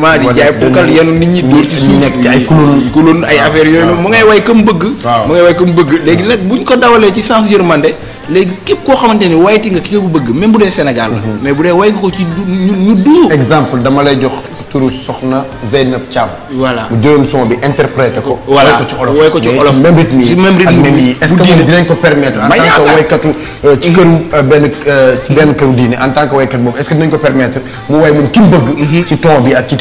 maa di jaay pokal yenu nit ñi dóor ci suuf ay kulun kulun ay affaire yooyu noonu mu ngay way comme bëgg mu ngay way comme bëgg léegi nag buñ ko dawalee ci sens de léegi képp koo xamante ni wayati nga ki nga ko bëgg même bu dee Sénégal la. Mhm. mais bu dee way nga ko ci ñu ñu duur. exemple dama lay jox turu soxna Zeynab Thiam. voilà mu jëloon son bi interprété ko. way ko ci olof mais même yi est-ce que ko permettre. en tant que waykatu euh, ci mhm. këru euh, benn euh, ci benn këru diine en tant que waykat mhm. bi ak ci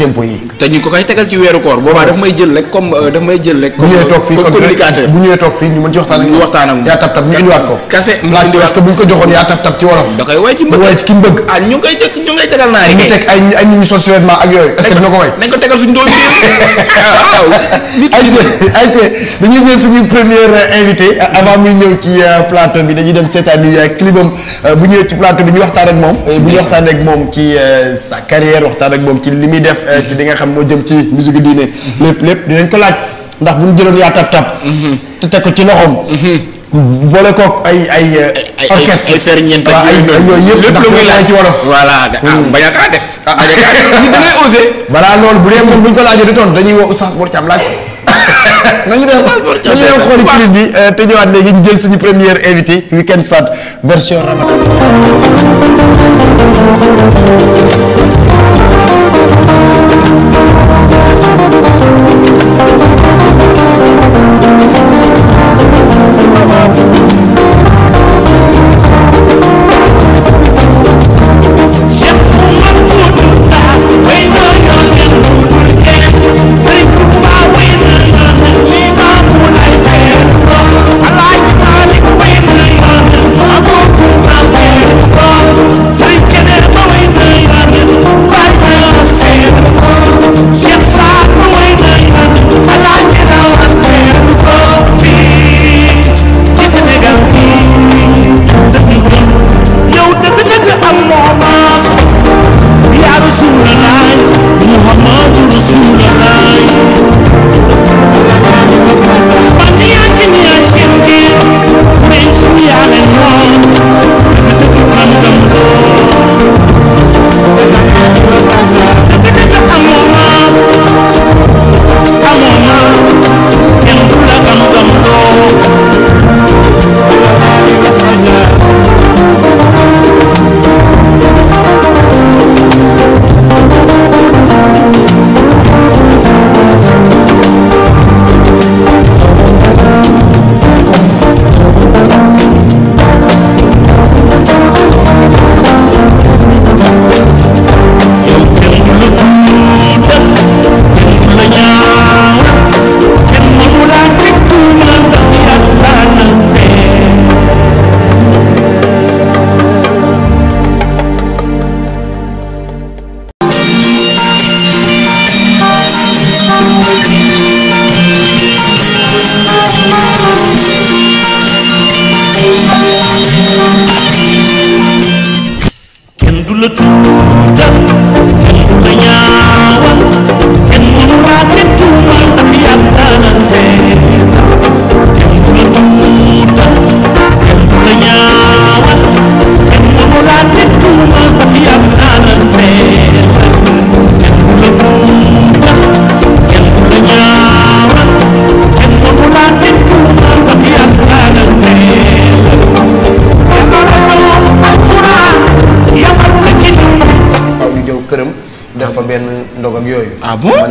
yi. ko koy tegal ci weeru koor boobaa daf may jël rek comme daf may jël rek. bu ñëwee toog fii communicateur bu ñëwee toog fii ñu mën ci waxtaan ak ñu waxtaan ak yaa tab ñu indiwaat ko mm. indi parce que bu ñu ko joxoon yaa tab tab ci wolof. da koy way ci mbëgg da koy way ci ki mu bëgg. ah ñu ngi koy teg ñu ngi koy tegal naar yi. ñu teg ay ay ñu sol si vêtement ak yooyu. est-ce que dina ko way nañ ko tegal suñu doom yi. ayca ayca dañuy ñëw suñu première euh, invité euh, avant muy ñëw ci euh, plateau bi dañuy dem seetaani clipam bu ñëwee ci plateau bi ñu waxtaan ak moom. bu ñu waxtaan ak moom ci sa carrière waxtaan ak moom ci li muy def. ci li nga xam moo jëm ci musique diine. Mm-hmm. lépp lépp dinañ ko laaj ndax bu ñu jëloon yaa tab tab. Mm-hmm. te teg ko ci loxoom. Mm-hmm. boole kook ay ay. orchestre ay fer ñeent ak yooyu yëpp ndax loolu ci wolof. voilà ah, hmm. ah, bañ a kaa ah, a kaa def bu dee moom bu ñu ko laajee du tontu dañuy woo Oustaz Mor Thiam laaj ko. nañu dem nañu dem xooli bi euh, te ñëwaat léegi ñu jël suñu première invité Weekend Stars version Ramadan.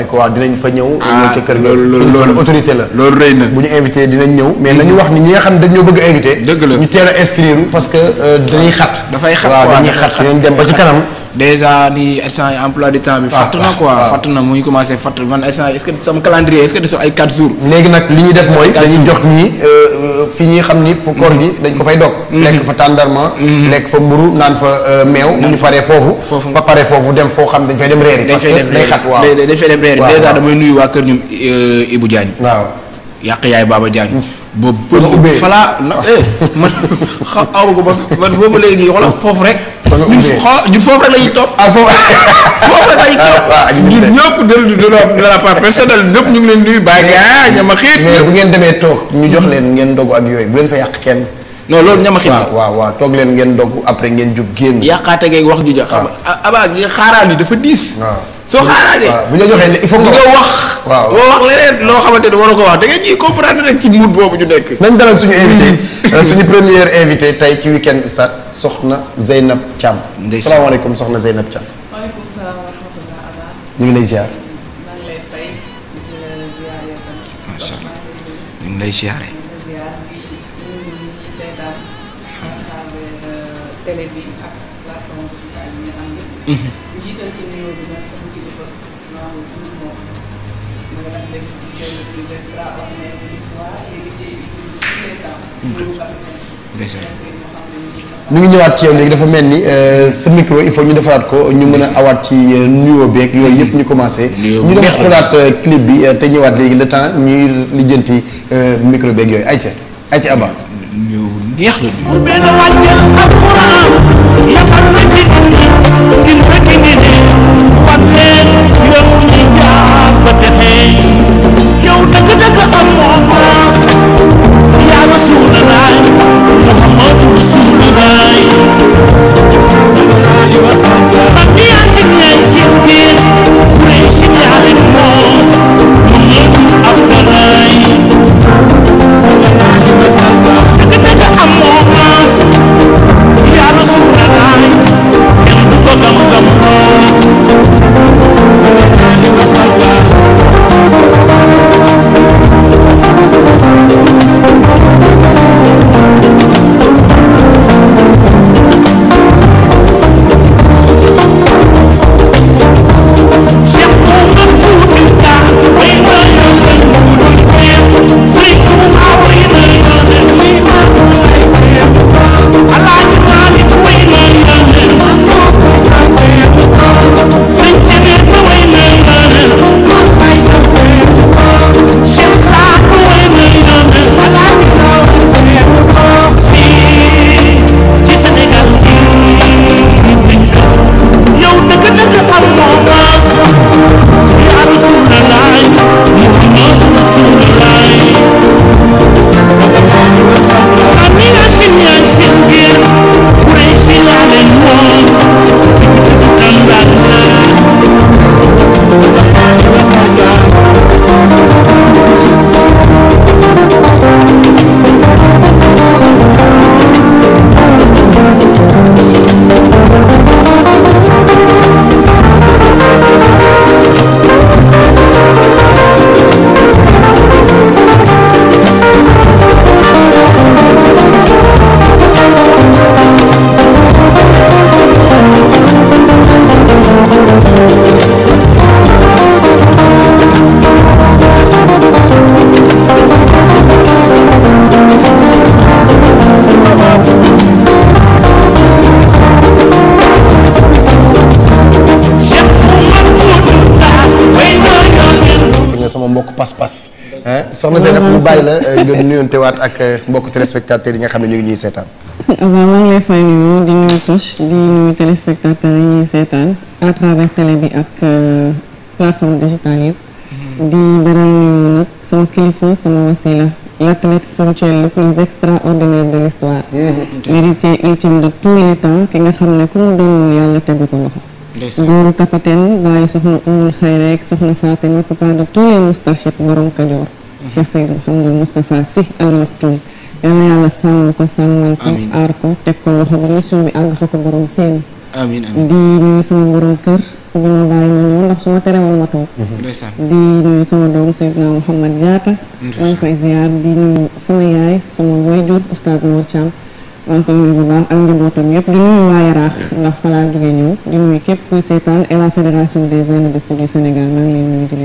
fekk waaw dinañ fa ñëw. Ah, ñëw ca kër ga loolu autorité la. loolu rëy na bu ñu invité dinañ ñëw. mais nañu wax ni ñi nga xam ne ñoo bëgg invité. dëgg la ñu teel a inscrire parce que euh, dañuy xat. dafay xat waaw dañuy xat dinañ dem ba ci kanam. déjà ni instant emploi du temps bi. Ah, fatt na ah, quoi ah. fatt na mu ngi commencé fatt man instant est-ce que sama calendrier est-ce que ay 4 jours. léegi nag li ñuy def mooy dañuy jox nii euh, fi ñuy xam ni fu koor gi mm-hmm. dañ ko fay dog. lekk mm-hmm. fa tàndarma. lekk mm-hmm. fa mburu naan fa euh, meew. bu ñu faree foofu. foofu ba pare foofu dem foo xam dañ fay dem reer yi. dañ fay dem reer yi dañ fay dem reer yi déjà damay nuyu waa kër ñoom euh, Ibou Diagne. waaw yàq yaay Baba Diagne. boobu ubbee falaa na ah. eh, man xaw ko ba man boobu léegi xoolal foofu rek. fa foofu rek la ñuy topp. ah la ñuy topp. Ah, ñun ñëpp dellu de la de la part personnelle ñëpp ñu ngi leen nuyu bàyyi nga ñama xiit. mais bu ngeen demee toog ñu jox leen ngeen dogu ak yooyu bu leen fa yàq kenn. non loolu ñama xiit la waaw waaw toog leen ngeen dogu après ngeen jub génn. yàqaate geeg wax ju ja. waaw xam nga ah. abaa xaaraan yi dafa diis. waaw soo xaaraanee. bu ñu la joxee il faut nga wax waaw boo wax leneen loo xamante ni waru ko wax da ngeen ñuy comprendre rek ci mood boobu ñu nekk. nañ dalal suñu invité euh, suñu première invité tey ci weekend start soxna Zeynab Thiam. ndeysaan salaamaaleykum soxna Zeynab Thiam. waaleykum salaam wa rahmatulah lay ziar. ñu ngi ñëwaat ci léegi dafa mel ni euh, sa micro il faut ñu defaraat ko ñu mën a awaat ci euh, nuyoo beeg yooyu yëpp ñu commencé. ñu dem xoolaat euh, clip bi te ñëwaat léegi le temps ñuy lijjanti micro beeg yooyu ay ca Abba. nuyoo sama mbokk pas-pas. soxna Zeynab mu bàyyi la nga nuyontewaat ak euh, mbokk téléspectateurs yi nga xam ne ñu ngi seetaan. waaw maa ngi lay fay nuyu di nuyu Toch di nuyu téléspectateurs yi ñuy seetaan à travers télé bi ak euh, plateforme digitale yëpp. Mhm. di beral nuyu nag sama kilifa sama wasila. l'athlète spirituel le plus extraordinaire de l'histoire mhm. l'héritier ultime de tous les ki nga xam ne ku mu yàlla tegu ko loxo góoru Tafaten waaye soxna Umul Xayra ak soxna Fatima papa de tous les moustarchid borom Kajoor mhm. ko sàmmal ko aar ko teg ko loxo ba mission bi àgg ko borom seen sama borom kër bi ma bàyyi ma ñëw ndax su mhm. sama yaay sama waajur Oustaz Mor donc nuyu bu baax ak njabootam yëpp di nuyu waa Yaraax ndax fa laa jóge ñëw di nuyu képp seetaan et la fédération des journalistes Sénégal maa ngi leen nuyu di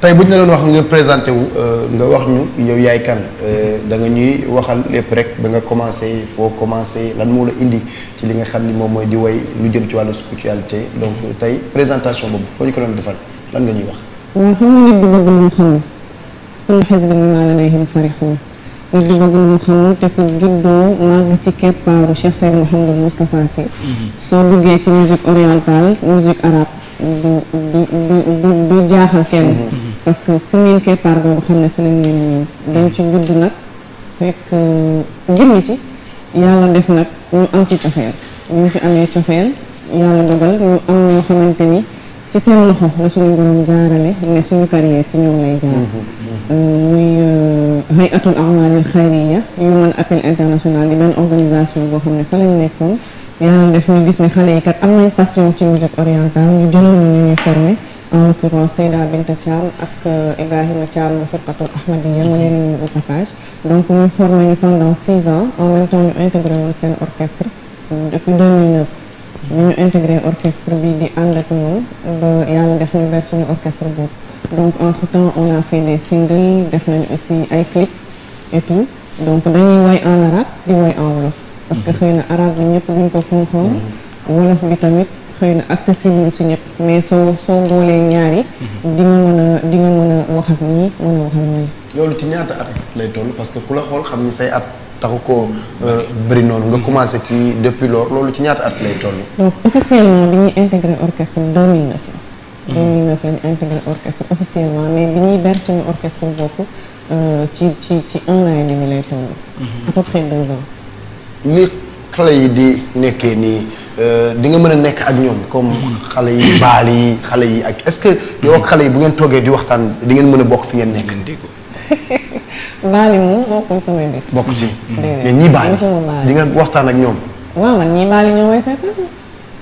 tey bu ñu la doon wax nga présenté wu euh, nga wax ñu yow yaay kan euh, danga ñuy waxal lépp rek ba nga commencé foo commencé lan moo la indi ci li nga xam ni moom mooy di way lu jëm ci wàllu spiritualité donc tey présentation boobu foo ñu ko doon defal lan nga ñuy wax. waaw xam nga nit du bëgg lu di Babalu Mouhamed te ku juddoo màgg ci keppaaru Cheikh Seydou Mouhamadou Moustapha Sy soo duggee ci musique orientale musique arabe du du du jaaxal kenn parce que ku ngeen keppaar boobu xam ne si lañ leen dañ ci judd nag fekk génn euh, ci yàlla def nag ñu am ci cofeel ñu ci amee cofeel yàlla dogal ñu am ñoo xamante ni ci seen loxo la suñu borom jaarale ne suñu carrière ci ñoom lay jaar mm-hmm. euh, muy hayatul amalil xayriya Human Appeal International di benn organisation boo xam ne fa lañ nekkoon yàlla def ñu gis ne xale kat am nañ passion ci musique orientale ñu jëloon ñu ñuy formé en l'occurrence Binta Thiam ak euh, Ibrahima Thiam bu firqatul a mu leen nuyu au passage donc ñu formé ñu pendant six ans en même temps ñu intégré woon seen orchestre depuis 2009 ñu intégré orchestre bi di ànd ak ñun ba yàlla def suñu orchestre boobu donc entre temps on a fait des def nañ aussi ay clip et donc dañuy woy en arabe di woy en wolof parce que xëy na arabe bi ñëpp duñ ko comprendre mm-hmm. wolof bi tamit xëy na accessible si ñëpp mais soo soo boolee ñaari mm-hmm. di nga mën a nga mën a wax ak ñii mën a wax ak ñii loolu ci ñaata at lay toll parce que ku la xool xam ni say at taxu ko euh, bëri noonu nga mm-hmm. commencé ci depuis loolu loolu ci ñaata at lay toll donc officiellement bi ñuy intégré orchestre 2009 la ñun ñoo fi lañ intégré orchestre officiellement mais bi euh, ci ci ci un an et demi lay li mhm. xale yi di nekkee nii euh, di nga mën a nekk ak ñoom comme xale yi baal yi xale yi ak est-ce que yow ak xale yi bu ngeen toogee di waxtaan di ngeen mën a bokk fi ngeen nekk. baali moom bokkul samay mbir. bokk ci ñii baali di nga waxtaan ak ñoom. waaw man ñii baali ñoo may seetal.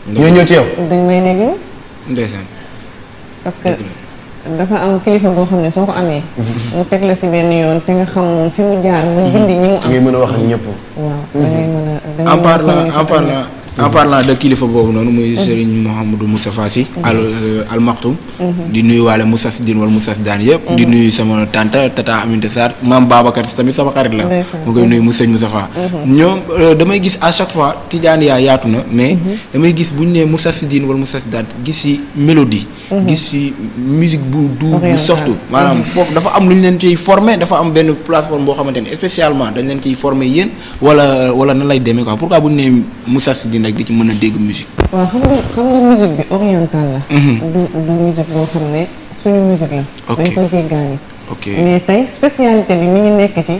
ñoo ñëw ci yow. dañ may déglu. ndeysaan. parce que dafa am kilifa boo xam ne soo ko amee. mu mhm. teg la si benn yoon te nga xam moom fi mu jaar. mu bind ñi mu am ngay mën a wax ak ñëpp. waaw da ngay mhm. mën a. en parlant en parlant en parlant de kilifa boobu noonu muy mhm. Serigne Mouhamadou Moustapha Sy mhm. al euh, al Maktoum mhm. di nuyu waale Moussas Dine wala Moussas Daan yëpp di nuyu sama tante tata Aminta Sarr maam Babacar tamit sama xarit la mu koy nuyu mu sëñ Moustapha ñoom euh, damay gis à chaque fois Tidiane yaa na mais damay gis bu ñu nee Moussas Dine wala Moussas Daan gis si mélodie gis si musique bu doux bu soft maanaam foofu dafa am lu ñu leen ciy formé dafa am benn plateforme boo xamante ne spécialement dañ leen ciy formé yéen wala wala nan lay demee quoi pourquoi bu ñu nee Moussas Dine rek di ci mën a dégg musique. waaw xam nga xam nga musique bi orientale la. Mhm. du du musique boo xam ne suñu musique la. dañ ko jéggaani. ok mais tey spécialité bi mu ngi nekk ci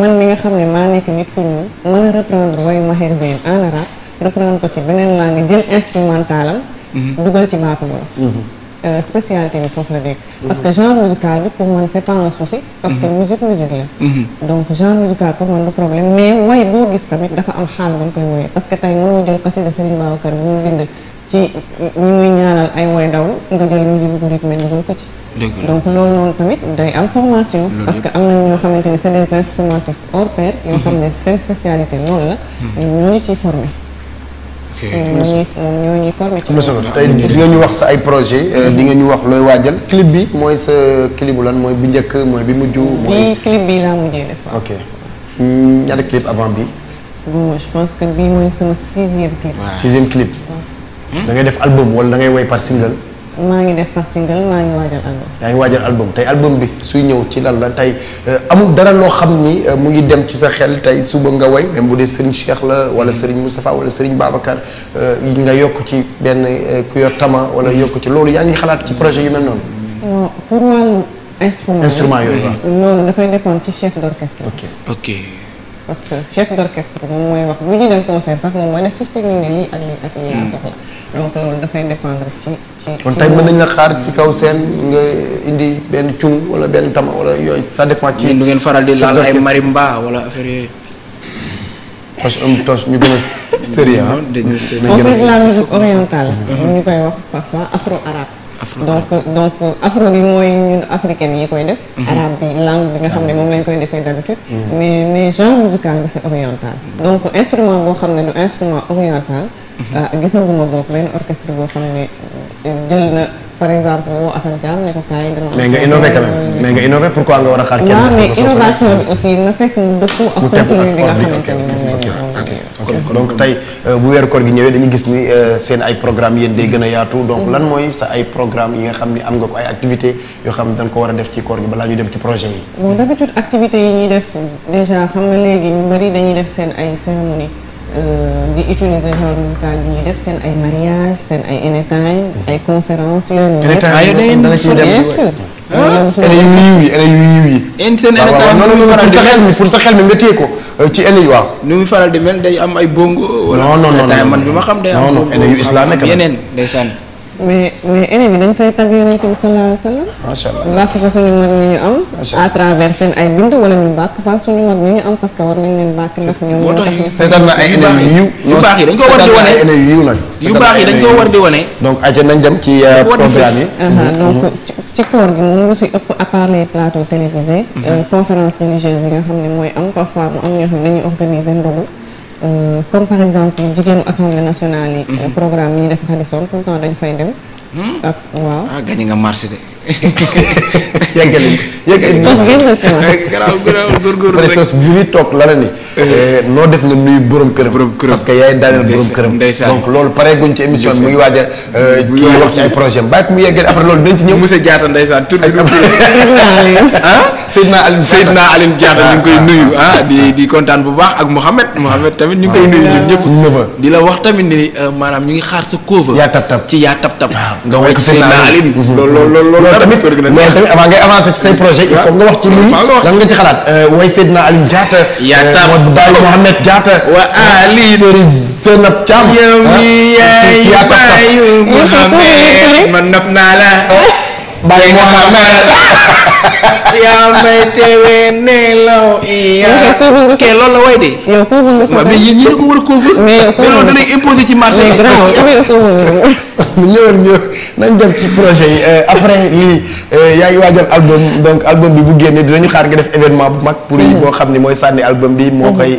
man mi nga xam ne maa nekk nit ku ñuul mën a reprendre wayu Maher Zain en arabe reprendre ko ci beneen langue jël instrumentalam mhm. dugal ci baatu boobu. Mhm. Euh, spécialité bi foofu la nekk. parce que genre musical bi pour man c'est pas un souci. parce que mhm. musique musique la. Mhm. donc genre musical pour man du problème mais way boo gis tamit dafa am xaal bu ñu koy woyee parce que tey mënoo jël xasida Serigne ay way daw nga jël musique bu rythmé dugal ko ci. donc loolu noonu tamit day am formation. parce que am na ñoo xamante ne c'est des instrumentistes hors pair. yoo xam ne seen spécialité loolu la. Mhm. ñooñu ciy formé. ok ñoo ñoo ñuy formé ci. tey di nga ñu wax sa ay projet euh, di nga ñu wax looy waajal clip bi mooy sa clip bu mooy bi njëkk mooy bi mujj. mooy clip bi laa mujjee def. ok hmm, ñaata clip avant bi. bon je pense que bii mooy sama sixième clip. sixième clip. da ngay def album wala da ngay woy par single. maa ngi def par single maa ngi waajal album. yaa ngi waajal album tey album bi suy ñëw ci lan la tey euh, amul dara loo xam ni euh, mu ngi dem ci sa xel tey suba nga way même bu dee Serigne Cheikh la wala Serigne Moustapha wala Serigne Babacar euh, nga yokk ci benn ku yor tama wala yokk ci loolu yaa ngi xalaat ci projet yu mel noonu. non pour wàllu instrument. instrument yooyu waaw loolu dafay dépendre ci chef d'orchestre. ok parce que chef d' orchestre moom mooy wax bu ñuy dem concert sax moom mooy def fiche technique ne lii ak lii ak lii laa soxla. donc loolu dafay dépendre ci ci. kon tey mën nañ la xaar ci kaw seen nga indi benn cung wala benn tama wala yooyu ça dépend ci. du ngeen faral di laal ay marimba wala affaire yooyu. tos am tos ñu gën a sérieux. dañuy sérieux la musique orientale. ñu koy wax parfois afro arabe. donc donc afro yi mooy ñun africaine yi koy def. Mhm. arabe bi langue bi nga xam ne moom lañ koy defee d'habitude. Mhm. mais mais genre musical bi c'est oriental. Mhm. donc instrument boo xam ne du instrument oriental. Euh, gisaguma boobu benn orchestre boo xam ne euh, jël na. par exemple moo Assane Thiam ne ko kaay mais nga innové quand même mais nga innové pourquoi nga war a xaar kenn. waaw mais innovation bi aussi na fekk mu dëppoo ak contenu bi nga xamante ne donc tey bu weeru koor gi ñëwee dañuy gis ni seen ay programme yéen day gën a yaatu. donc lan mooy sa ay programme yi nga xam ni am nga ko ay activité yoo xam ne dañ ko war a def ci koor gi balaa ñu dem ci projet yi. bon d'habitude activités yi ñuy def déjà xam nga léegi ñu bari dañuy def seen ay cérémonie Euh, di utiliser genre musical bi ñuy def seen ay mariage seen ay anytime ay conférences yooyu noonu. anytime da ciy dem yi. pour sa xel mi nga téye ko euh, ci ene yi waaw. nu muy faral di mel day am ay bongo. wala man bi ma xam de am. non non yeneen day sànni. mais mais élèves eh, yi dañ fay tagg yonent bi sallallahu alayhi wa sallam. macha allah bàkk fa suñu mag ñi ñu am. à travers seen ay bind wala ñu bàkk fa suñu mag ñi ñu am parce que war nañ leen bàkk ndax ñoom ñoo tax ñu. seetal na ay élèves yu yu baax yi dañ koo war di wane seetal na ay élèves yu nag. yu baax yi dañ koo war di wane. donc ayca nañ dem ci euh, programme yi. Ah, ah, mhm. donc mhm. ci koor gi mu ngi si ëpp à part les plateaux télévisés. Mhm. Euh, conférence religieuse yi nga xam ne mooy am parfois mu am ñoo xam ne dañuy organiser ndogu. Euh, comme par exemple jigéenu assemblée nationale yi. Mm-hmm. Euh, programme yi ñuy def Radisson tout le temps dañ fay dem. Hmm? ak waaw ah nga marché de. yeggali yeggali. tos bi nga ci wax. garaaw garaaw góorgóorlu rek tos bi toog la ni. Eh. Eh, noo def na nuyu boroom këram. borom këram parce que yaay daaneel borom këram. ndeysaan donc loolu pare guñ ci émission bi mu ngi waaj a. Eh, wax ci ay projet am mu yeggali loolu dinañ ci ñëw. monsieur Diatta ndeysaan tur bi. ah Seydina Alioune Seydina Alioune Diatta ñu ngi koy ah, nuyu ah, ah, ah di di kontaan bu baax ak Mouhamed Mouhamed tamit ñu ngi di la wax tamit ni ñu ngi xaar sa cover. yaa ci yaa loolu loolu loolu tamit mais tamit avant ngay avancer ci say projet il faut nga wax ci lii lan nga ci xalaat euh, way Seydina Aliou Diatta euh, moo Baye Mohamed Diatta wa ali euh, Serigne Zeynab Thiam yaa Baye Mohamed man naf naa la Baye Mohamed yaa may teewee nelaw yaa kee loolu la way de mais yéen ñi ko war a couvrir mais loolu danay imposer ci marché bi ñëwal ñëw nañ dem ci projet yi euh, après lii euh, yaa ngi waajal album donc album bi bu génnee dinañu xaar nga def événement bu mag. pour yi mm-hmm. boo xam ne mooy sànni album bi. moo mm-hmm. koy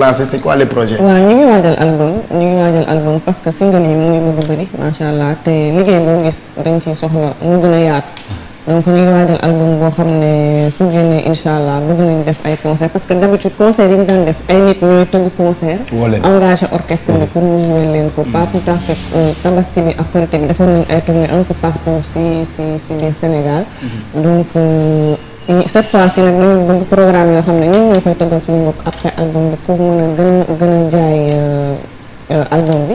lancé c'est quoi les projets. waaw ñu ngi waajal album ñu ngi waajal album parce que single mu ngi bëgg a macha allah te liggéey boo gis dañ ciy soxla mu gën yaatu. donc ñu ngi waajal album boo xam ne su génnee incha allah bëgg nañu def ay concert parce que d'habitude concert yi ñu daan def ay nit ñooy tëgg concert engagé orchestre bi mm. pour ñu jouer leen ko pas tout à fait tabaski bi ak korité bi defoon nañu ay tournée un peu partout si si si biir Sénégal mm-hmm. donc euh, cette fois ci nag yoo xam ne ñun ñoo koy tëggal suñu bopp après album bi pour mën gën a gën a jaay euh, euh, album bi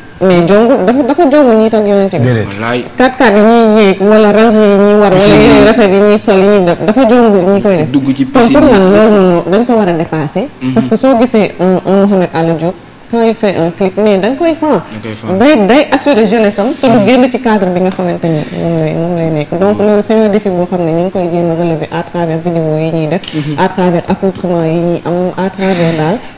mais jomb dafa dafa jomb ñi toog yonent bi. déedéet kat kat yi ñuy yéeg wala range yi ñuy war. wala yeneen yi ñuy sol yi ñuy dafa jomb ñi koy dugg ci piscine kon dañ ko war a dépasser. Mhm. parce que soo gisee Mouhamed Alioune Diop. quand il koy fan day day assurer jeunesse ah. ci cadre bi nga xamante ni nekk donc mm-hmm. loolu c'est xam ne ñu ngi koy jéem a def mm-hmm. à travers accoutrement yi ñuy am à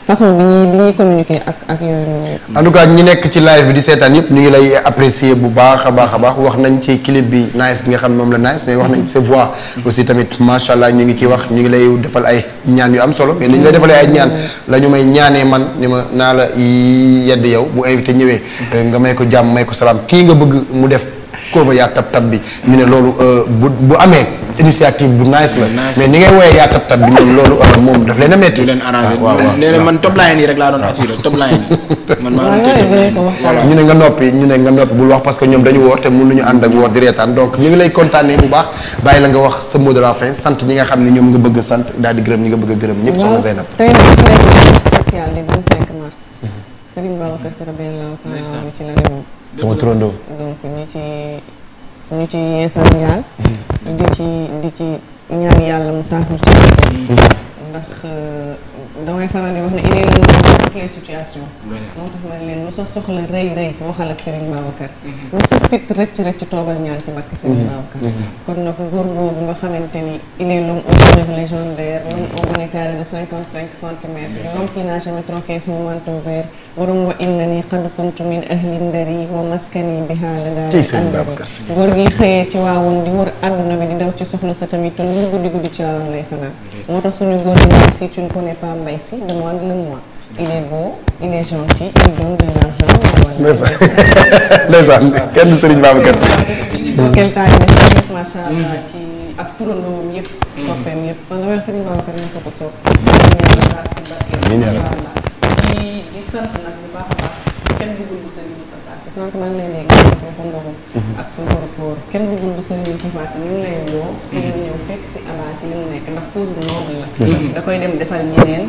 façon bi ñuy bi ak ak yooyu noonu en tout ñi nekk ci live bi di seetaan yëpp ñu ngi lay apprécier bu baax a baax a baax wax nañ ci clip bi nice bi nga xam moom la nice mais wax nañ sa voix mm-hmm. tamit macha allah ñu ngi ciy wax ñu ngi lay defal ay ñaan yu am solo mais ni ñu lay defalee ay ñaan la may ñaanee man ma naa la di yedd yow bu invité ñëwee euh, nga may ko jàmm may ko salaam kii nga bëgg mu def koo ba yaa tab tab bi ñu ne loolu euh, bu bu amee initiative bu nice la mais ni ngay woowee yaa tab tab bi ñoom loolu euh, moom daf leen a metti leen arrangé ah, nee man top line yi rek laa doon assuré ñu ne nga noppi ñu ne nga noppi bul wax parce que ñoom dañu woor te mënuñu ànd ak woor di reetaan donc ñu ngi lay kontaanee bu baax bàyyi la nga wax sa mot de sant ñi nga xam ne ñoom nga bëgg sant daal di gërëm ñi nga bëgg a gërëm ñëpp soxna parce que benn enfant bu ci la dem sama turandoo donc ñu ci ñu ci yeesal njaal hmm. di ci di ci ñaan yàlla mu taas ñu ci ndax eh, damay faral di wax ne il est dans toutes les moo tax ma leen lu sa soxla rëy rëy waxal ak Serigne Babacar. Mhm. lu sa fit rëcc rëcc toogal ñaan ci barke Serigne mhm. Babacar. Mhm. kon nag góor boobu nga xamante ni il est l'homme au bonheur légendaire l'homme au bonnet carré de cinquante cinq centimètres. l'homme qui n'a jamais troqué son manteau vert warum wa kuntu min ahli ndari wa maskani biha la daal. góor gi xëyee ci waawoon di wër àdduna bi di daw ci soxla sa tamit te lu guddi guddi ci waawoon lay fanaan moi si tu ne connais pas Mbaye Sy demande-le-moi. il est beau il est gentil il donne de l'argent. ndeysaan kenn Serigne Babacar Sy. quelqu'un qui macha allah ci ak turandoom yëpp. soppeem yëpp man damay Serigne Babacar ñu ko ko sopp. ñu ngi lay sant nag bu baax a baax. kenn bëggul bu sëriñ Moussa nga ko mhm. ak sa rapport kenn bëggul bu sëriñ Moussa Fass ñu ngi lay woo mhm. ñu ñëw si Aba ci mu nekk ndax cause bu noble la da koy dem defar defal ñeneen